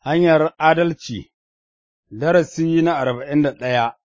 Hanyar Adalci Darasi na arba'in da ɗaya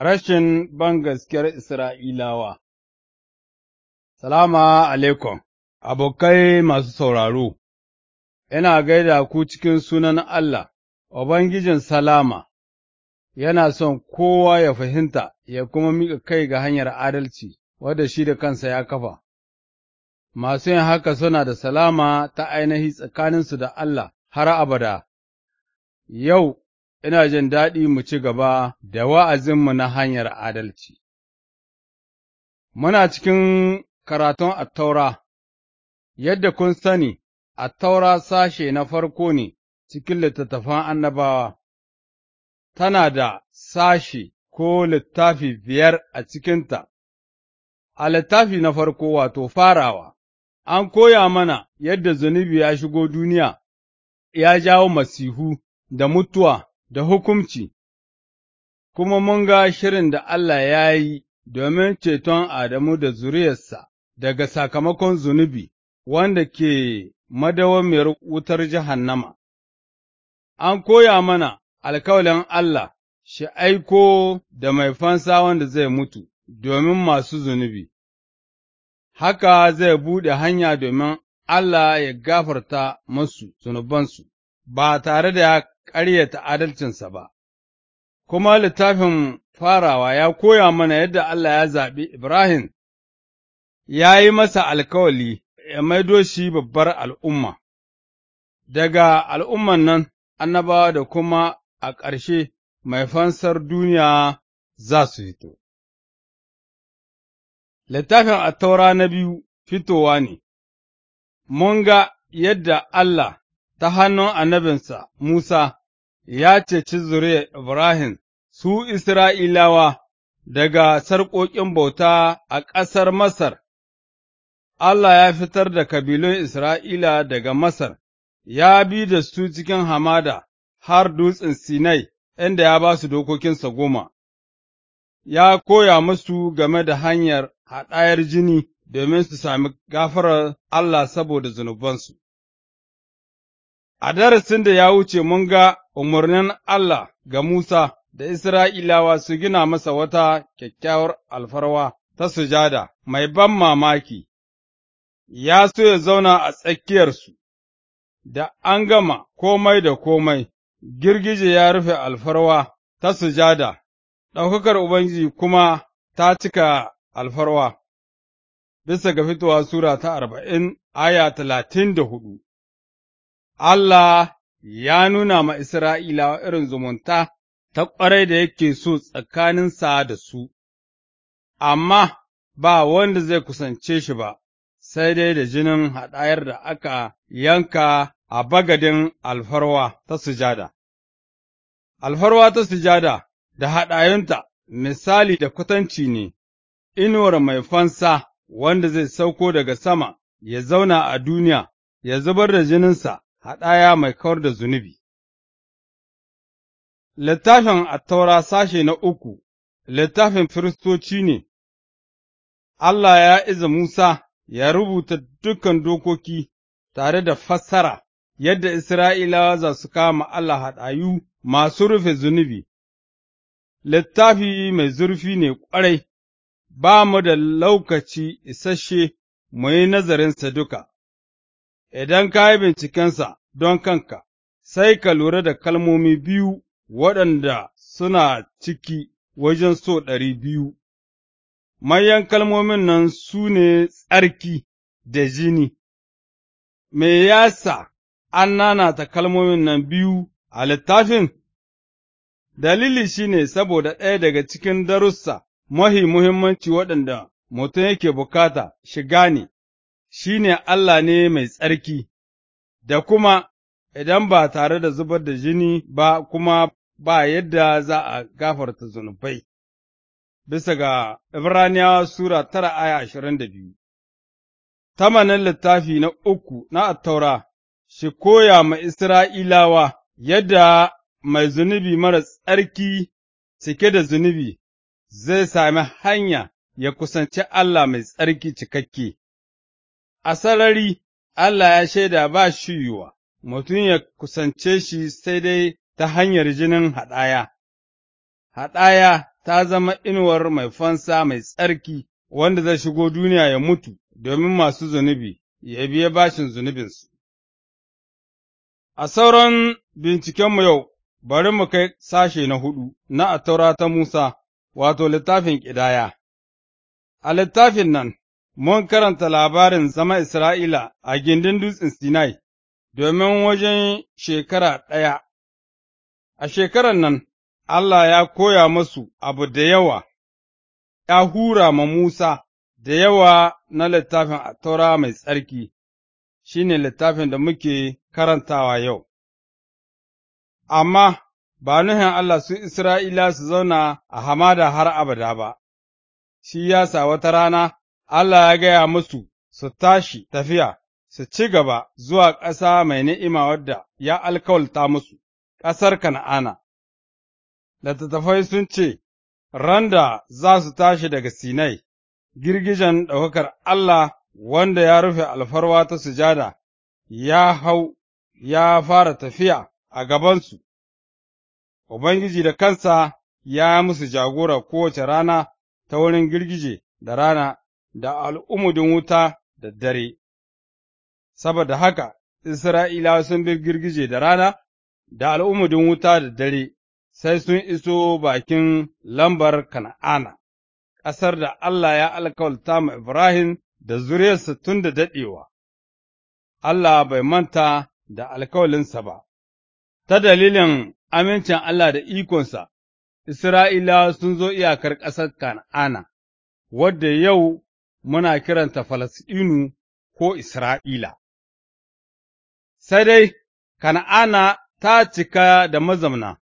Rashin bangaskiyar Isra'ilawa Salama alaikum, abokai masu sauraro, ina gaida ku cikin sunan Allah, Ubangijin Salama, yana son kowa ya fahimta ya kuma mika kai ga hanyar adalci wadda shi da kansa ya kafa. Masu yin haka suna da salama ta ainihi tsakaninsu da Allah. har abada. Yau ina jin daɗi mu ci gaba da wa'azinmu na hanyar adalci. Muna cikin karatun attaura, yadda kun sani, attaura sashe na farko ne cikin littattafan annabawa, tana da sashe ko littafi biyar a cikinta, a littafi na farko wato farawa, an koya mana yadda zunubi ya shigo duniya ya jawo masihu da mutuwa da hukumci, kuma mun ga shirin da Allah ya yi domin ceton Adamu da zuriyarsa daga sakamakon zunubi wanda ke madawamiyar wutar jahannama. An koya mana alkawalin Allah shi aiko da mai fansa wanda zai mutu domin masu zunubi, haka zai buɗe hanya domin Allah ya gafarta masu zunubansu, ba tare da ya ƙaryata adalcinsa ba, kuma littafin farawa ya koya mana yadda Allah ya zaɓi Ibrahim, ya yi masa alkawali ya maido shi babbar al'umma, daga al'umman nan annabawa da kuma a ƙarshe mai fansar duniya za su fito. Littafin a taura na biyu fitowa ne. mun ga yadda Allah ta hannun annabinsa Musa ya ceci zuriyar Ibrahim su Isra'ilawa daga sarƙoƙin bauta a ƙasar Masar, Allah ya fitar da kabilun Isra'ila daga Masar, ya bi da su cikin hamada har dutsen Sinai, inda ya ba su dokokinsa goma, ya koya musu game da hanyar haɗayar jini domin su sami gafarar Allah saboda zunubansu. A darasin da ya wuce mun ga umarnin Allah ga Musa da Isra'ilawa su gina masa wata kyakkyawar alfarwa ta sujada mai ban mamaki, ya so ya zauna a tsakiyarsu, da an gama komai da komai, girgije ya rufe alfarwa ta sujada, ɗaukakar Ubangiji kuma ta cika alfarwa. bisa ga fitowa Sura ta arba'in aya talatin da hudu. Allah ya nuna ma Isra'ilawa irin zumunta ta ƙwarai da yake so tsakaninsa da su, amma ba wanda zai kusance shi ba, sai dai da jinin haɗayar da aka yanka a bagadin alfarwa ta sujada. Alfarwa ta sujada da haɗayunta misali da kwatanci ne, inuwar mai fansa wanda zai sauko daga sama ya zauna a duniya, ya zubar da jininsa haɗaya mai kawar da zunubi. Littafin attaura sashe na uku, littafin firistoci ne, Allah ya iza Musa ya rubuta dukan dokoki tare da fassara yadda Isra'ilawa za su kama Allah haɗayu masu rufe zunubi, littafi mai zurfi ne ƙwarai, ba mu da lokaci isasshe mu yi nazarinsa duka, idan ka yi bincikensa don kanka, sai ka lura da kalmomi biyu waɗanda suna ciki wajen so ɗari biyu, manyan kalmomin nan su ne tsarki da jini, me yasa an nanata kalmomin nan biyu a littafin? Dalili shi ne saboda ɗaya daga cikin darussa mahi muhimmanci waɗanda mutum yake bukata shiga ne, shi ne Allah ne mai tsarki, da kuma idan ba tare da zubar da jini ba kuma ba yadda za a gafarta zunubai. Bisa ga Ibraniyawa Sura tara aya ashirin da biyu. Tamanin littafi na uku na attaura shi koya ma Isra'ilawa yadda mai zunubi mara tsarki cike da zunubi zai sami hanya ya kusanci Allah mai tsarki cikakke. A sarari, Allah ya shaida ba shi yiwuwa, mutum ya kusance shi sai dai ta hanyar jinin haɗaya. Haɗaya ta zama inuwar mai fansa mai tsarki wanda zai shigo duniya ya mutu domin masu zunubi, ya biya bashin zunubinsu. A sauran bincikenmu yau, bari mu kai sashe na hudu na taura ta Musa, wato littafin ƙidaya. A littafin nan, mun karanta labarin zama Isra'ila a gindin dutsen Sinai domin wajen shekara ɗaya. A shekarar nan, Allah ya koya masu abu da yawa, ya hura ma Musa da yawa na littafin a taura mai tsarki, shi ne littafin da muke karantawa yau. Amma ba nuhin Allah su Isra'ila su zauna a hamada har abada ba, shi yasa wata rana Allah ya gaya musu su tashi tafiya, su ci gaba zuwa ƙasa mai ni'ima wadda ya alkawalta musu, ƙasar Kana'ana. Littattafai sun ce, Randa za su tashi daga Sinai, girgijen ɗaukakar Allah wanda ya rufe alfarwa ta sujada, ya hau, ya fara tafiya a gabansu. Ubangiji da kansa ya musu jagora kowace rana ta wurin girgije da rana da al'umudin wuta da dare, saboda haka Isra'ilawa sun bi girgije da rana da al'umudin wuta da dare, sai sun iso bakin lambar Kana'ana, ƙasar da Allah ya alkawalta ma Ibrahim da zuriyarsa tun da daɗewa. Allah bai manta da alkawalinsa ba, ta dalilin amincin Allah da ikonsa, Isra'ilawa sun zo iyakar ƙasar Kan'ana, wadda yau muna kiranta Falasɗinu ko Isra'ila. Sai dai, Kan'ana ta cika da mazamna,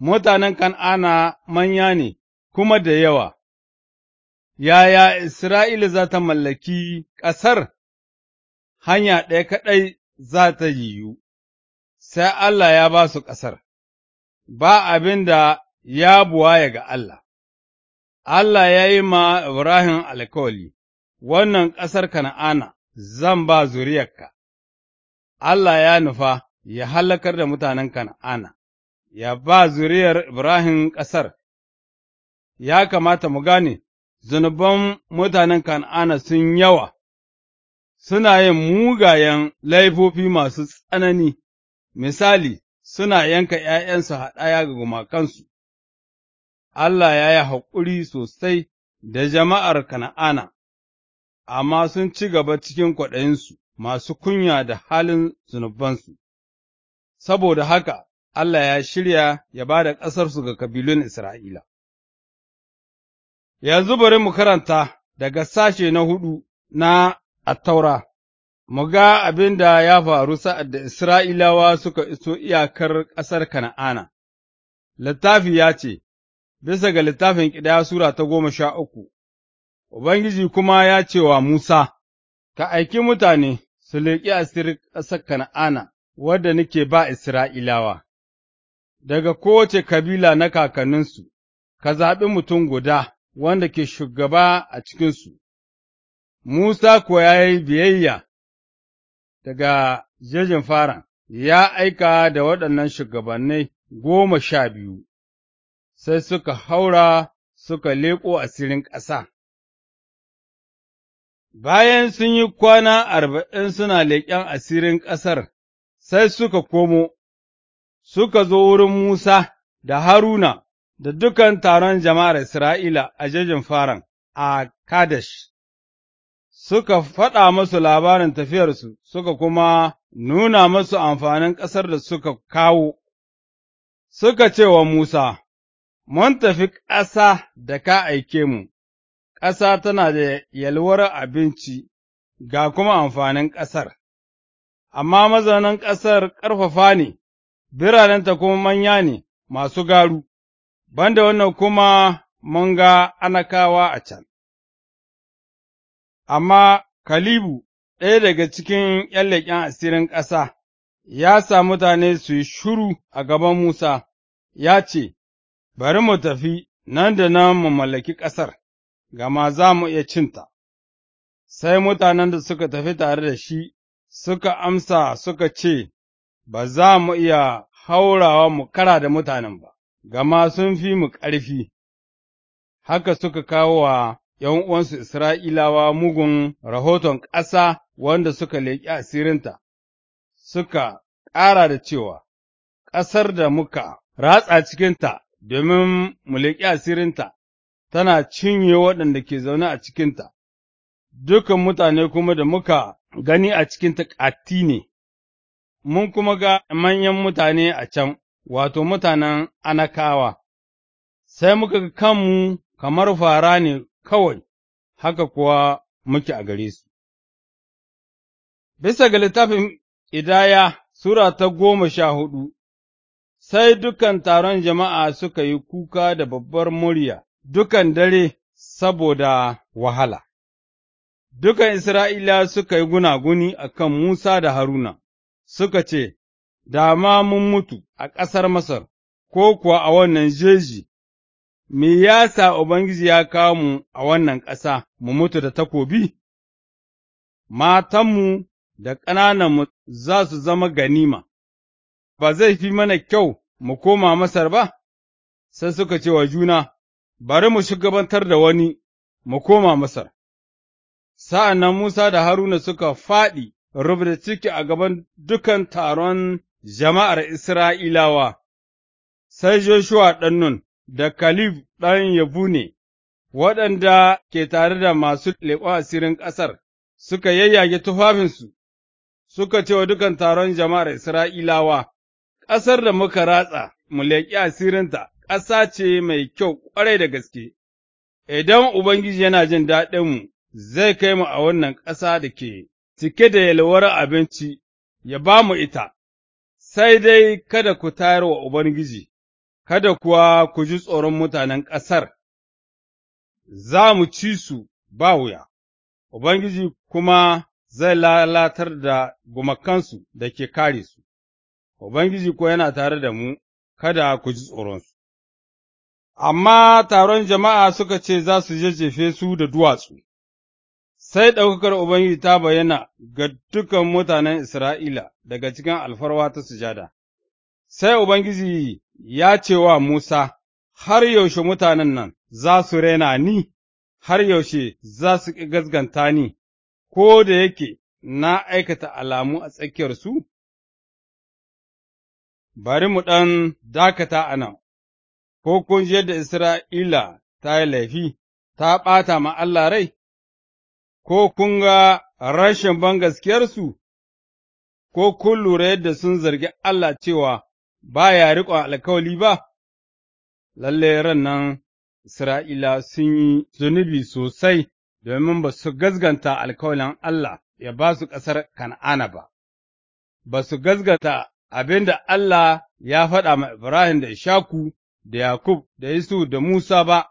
mutanen Kan'ana manya ne kuma da yawa. Yaya Isra'ila za ta mallaki ƙasar? Hanya ɗaya kaɗai za ta yiwu, sai Allah ya ba su ƙasar, ba abin da ya buwaye ga Allah, Allah ya yi ma Ibrahim alkawali, wannan ƙasar Kana'ana zan ba zuriyarka, Allah ya nufa ya hallakar da mutanen Kana'ana, ya ba zuriyar Ibrahim ƙasar, ya kamata mu gane, zunuban mutanen Kana'ana sun yawa, suna yin mugayen laifofi masu tsanani. misali, suna yanka ’ya'yansu haɗaya ga gumakansu. Allah ya yi haƙuri sosai da jama'ar Kana'ana, amma sun ci gaba cikin kwaɗayinsu masu kunya da halin zunubansu, saboda haka Allah ya shirya ya ba da ƙasarsu ga kabilun Isra'ila. Yanzu bari mu karanta daga sashe na hudu na Attaura, mu ga abin da ya faru sa'ad da Isra'ilawa suka iso iyakar ƙasar Kana'ana, littafi ya ce, Bisa ga littafin ƙidaya Sura ta goma sha uku, Ubangiji kuma ya ce wa Musa, Ka aiki mutane su leƙi asirin ƙasar Kana'ana, wadda nake ba Isra'ilawa, daga kowace kabila na kakanninsu, ka zaɓi mutum guda wanda ke shugaba a cikinsu, Musa kuwa ya yi biyayya daga jejin faran ya aika da waɗannan shugabannai goma sha biyu, sai suka haura suka leƙo asirin ƙasa. Bayan sun yi kwana arba'in suna leƙen asirin ƙasar, sai suka komo, suka zo wurin Musa da Haruna da dukan taron jama'ar Isra'ila a jejin faran a Kadesh. suka faɗa masu labarin tafiyarsu, suka kuma nuna masu amfanin ƙasar da suka kawo, suka ce wa Musa, Mun tafi ƙasa da ka aike mu, ƙasa tana da yalwar abinci ga kuma amfanin ƙasar, amma mazaunan ƙasar ƙarfafa ne, biranenta kuma manya ne masu garu, banda wannan kuma mun ga anakawa a can. amma Kalibu, ɗaya daga cikin ’yan leƙen asirin ƙasa, ya sa mutane su yi shuru a gaban Musa, ya ce, Bari mu tafi nan da nan mu mallaki ƙasar, gama za mu iya cinta. Sai mutanen da suka tafi tare da shi suka amsa suka ce, Ba za mu iya haurawa mu kara da mutanen ba, gama sun fi mu ƙarfi. Haka suka kawo wa ’yan uwansu Isra'ilawa mugun rahoton ƙasa wanda suka leƙi asirinta, suka ƙara da cewa, Ƙasar da muka ratsa cikinta domin mu leƙi asirinta, tana cinye waɗanda ke zaune a cikinta, dukan mutane kuma da muka gani a cikinta ƙati ne, mun kuma ga manyan mutane a can, wato mutanen anakawa, sai muka ga kanmu kamar fara ne kawai, haka kuwa muke a gare su. Bisa ga littafin Idaya Sura ta goma sha hudu, sai dukan taron jama'a suka yi kuka da babbar murya dukan dare saboda wahala. Dukan Isra'ila suka yi gunaguni a kan Musa da Haruna, suka ce, dama ma mun mutu a ƙasar Masar, ko kuwa a wannan jeji Me ya sa Ubangiji ya kawo mu a wannan ƙasa mu mutu da takobi? Matanmu da ƙanananmu za su zama ganima, ba zai fi mana kyau mu koma Masar ba? Sai suka ce wa juna, Bari mu shugabantar da wani, mu koma Masar. Sa'an nan Musa da Haruna suka faɗi rubuta ciki a gaban dukan taron jama'ar Isra'ilawa, sai Joshua ɗan da Kalif ɗan Yabu ne. waɗanda ke tare da masu leƙon asirin ƙasar, suka yayyage tufafinsu, suka ce wa dukan taron jama'ar Isra'ilawa, ƙasar da muka ratsa mu leƙi asirinta ƙasa ce mai kyau ƙwarai da gaske, idan Ubangiji yana jin daɗinmu, zai kai mu a wannan ƙasa da ke cike da yalwar abinci, ya ba mu ita, sai dai kada ku tayar wa Ubangiji, kada kuwa ku ji tsoron mutanen ƙasar, za mu ci su ba wuya, Ubangiji kuma zai lalatar da gumakansu da ke kare su, Ubangiji kuwa yana tare da mu, kada ku ji tsoronsu. Amma taron jama'a suka ce za su jajjefe su da duwatsu, sai ɗaukakar Ubangiji ta bayyana ga dukan mutanen Isra'ila daga cikin alfarwa ta sujada, sai Ubangiji ya ce wa Musa, Har yaushe mutanen nan za su rena ni, har yaushe za su ƙi gaskanta ni, ko da yake na aikata alamu a tsakiyarsu? Bari mu ɗan dakata a nan, ko kun ji yadda Isra'ila ta yi laifi, ta ɓata ma Allah rai, ko kun ga rashin bangaskiyarsu, ko kun lura yadda sun zargi Allah cewa ba ya riƙon alkawali ba, lalle ran nan Isra'ila sun yi zunubi sosai domin ba su gazganta alkawalin Allah ya ba su ƙasar Kan'ana ba, ba su gazganta abin da Allah ya faɗa ma Ibrahim da Ishaku da Yakub da Yusuf da Musa ba,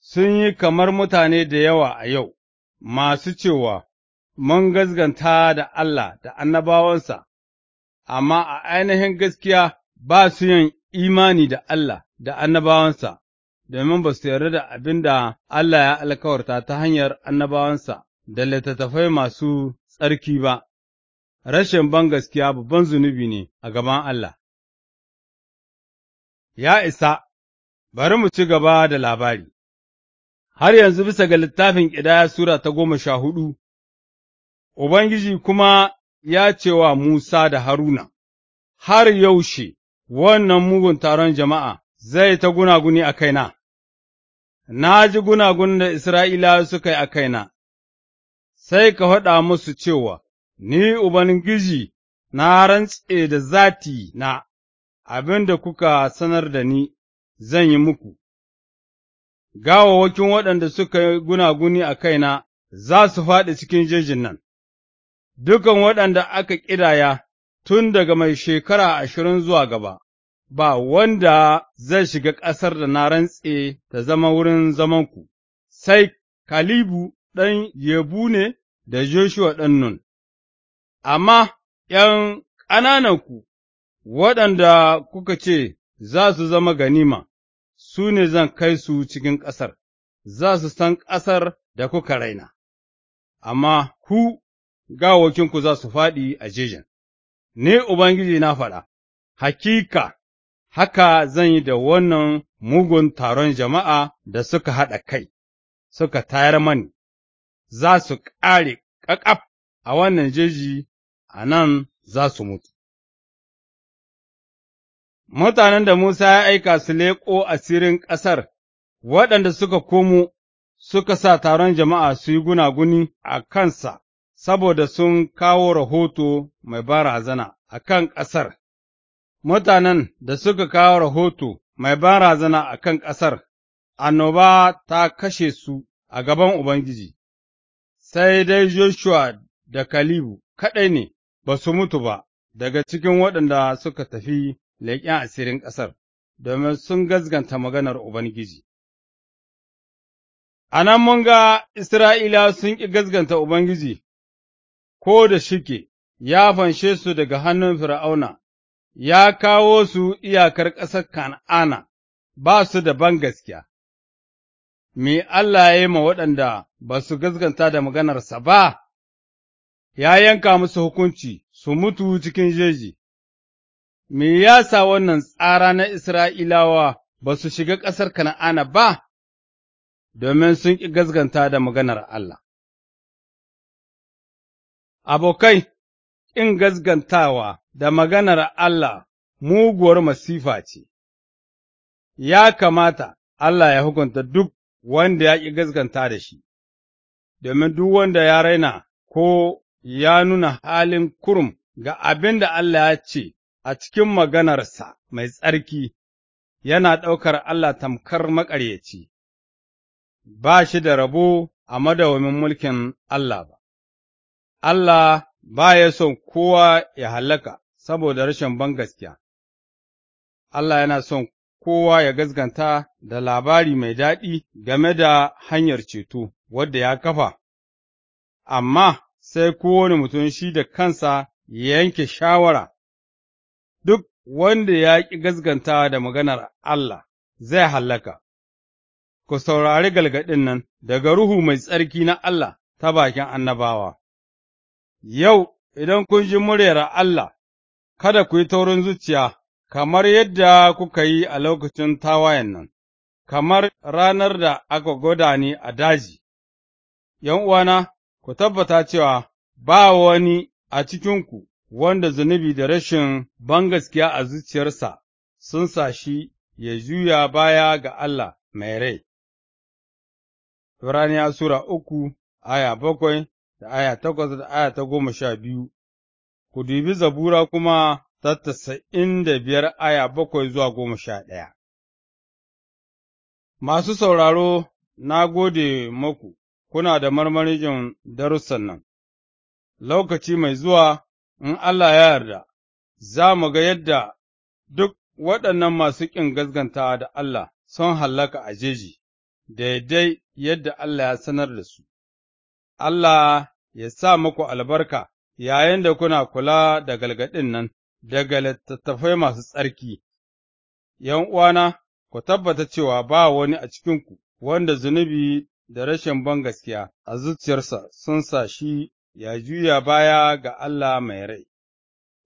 sun yi kamar mutane da yawa a yau, masu cewa, Mun gazganta da Allah da annabawansa, amma a ainihin gaskiya ba su yin imani da Allah da annabawansa, domin ba su yarda da abin da Allah ya alkawarta ta hanyar annabawansa da littattafai masu tsarki ba, rashin ban gaskiya babban zunubi ne a gaban Allah. Ya isa, bari mu ci gaba da labari, har yanzu bisa ga littafin ƙidaya Sura ta goma sha hudu, Ubangiji kuma ya ce wa Musa da Haruna, Har yaushe wannan mugun taron jama'a zai ta gunaguni a kaina, na ji gunagun da Isra'ila suka yi a kaina, sai ka faɗa musu cewa, Ni Ubangiji na rantse da zati na abin da kuka sanar da ni zan yi muku, gawawwakin waɗanda suka yi gunaguni a kaina za su faɗi cikin jejin nan. dukan waɗanda aka ƙidaya tun daga mai shekara ashirin zuwa gaba, ba wanda zai shiga ƙasar da na rantse ta zama wurin zamanku, sai Kalibu ɗan Yebu ne da Joshua ɗan Nun, amma ’yan ƙanananku waɗanda kuka ce za su zama ganima, su ne zan kai su cikin ƙasar, za su san ƙasar da kuka raina, amma ku Gawokinku za su faɗi a jejin. Ni Ubangiji na faɗa, hakika haka zan yi da wannan mugun taron jama'a da suka haɗa kai, suka tayar mani, za su ƙare ƙaƙaf a wannan jeji, a nan za su mutu. Mutanen da Musa ya aika su leƙo asirin ƙasar, waɗanda suka komo suka sa taron jama'a su yi gunaguni a kansa saboda sun kawo rahoto mai barazana a kan ƙasar. Mutanen da suka kawo rahoto mai barazana a kan ƙasar, annoba ta kashe su a gaban Ubangiji, sai dai Joshua da Kalibu kaɗai ne ba su mutu ba daga cikin waɗanda suka tafi leƙen asirin ƙasar, domin sun gazganta maganar Ubangiji. A nan mun ga Isra'ila sun ƙi gazganta Ubangiji ko da shike ya fanshe su daga hannun Fir'auna, ya kawo su iyakar ƙasar Kan'ana, ba su da bangaskiya. Me Allah ya yi ma waɗanda ba su gaskanta da maganarsa ba, ya yanka musu hukunci su mutu cikin jeji, me ya sa wannan tsara na Isra'ilawa ba su shiga ƙasar Kan'ana ba, domin sun ƙi gaskanta da maganar Allah. Abokai, in gazgantawa da maganar Allah muguwar masifa ce, ya kamata Allah ya hukunta duk wanda ya ƙi gaskanta da shi, domin duk wanda ya raina ko ya nuna halin kurum ga abin da Allah ya ce a cikin maganarsa mai tsarki, yana ɗaukar Allah tamkar maƙaryaci, ba shi da rabo a madawamin mulkin Allah ba. Allah ba ya son kowa ya hallaka saboda rashin bangaskiya, Allah yana son kowa ya gaskanta da labari mai daɗi game da hanyar ceto wadda ya kafa, amma sai kowane mutum shi da kansa ya yanke shawara, duk wanda ya ƙi gaskanta da maganar Allah zai hallaka. Ku saurari galgaɗin nan daga Ruhu mai tsarki na Allah ta bakin annabawa. Yau, idan kun ji muryar Allah, kada ku yi taurin zuciya, kamar yadda kuka yi a lokacin tawayen nan, kamar ranar da aka gwada ni a daji, uwana ku tabbata cewa ba wani a cikinku wanda zunubi da rashin bangaskiya a zuciyarsa sun sa shi ya juya baya ga Allah mai rai. Turaniya Sura uku, aya bakwai da aya takwas da aya ta goma sha biyu, ku dubi zabura kuma ta tasa'in da biyar aya bakwai zuwa goma sha ɗaya. Masu sauraro, na gode maku, kuna da marmarin jin darussan nan, lokaci mai zuwa, in Allah ya yarda, za mu ga yadda duk waɗannan masu ƙin gaskantawa da Allah sun hallaka a jeji, daidai yadda Allah ya sanar da su. Allah ya sa muku albarka yayin da kuna kula da galgadin nan daga littattafai masu tsarki, uwana ku tabbata cewa ba wani a cikinku wanda zunubi da rashin ban gaskiya a zuciyarsa sun sa shi ya juya baya ga Allah mai rai.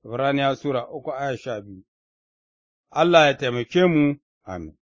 Ibraniya Sura uku aya sha biyu Allah ya taimake mu, amin.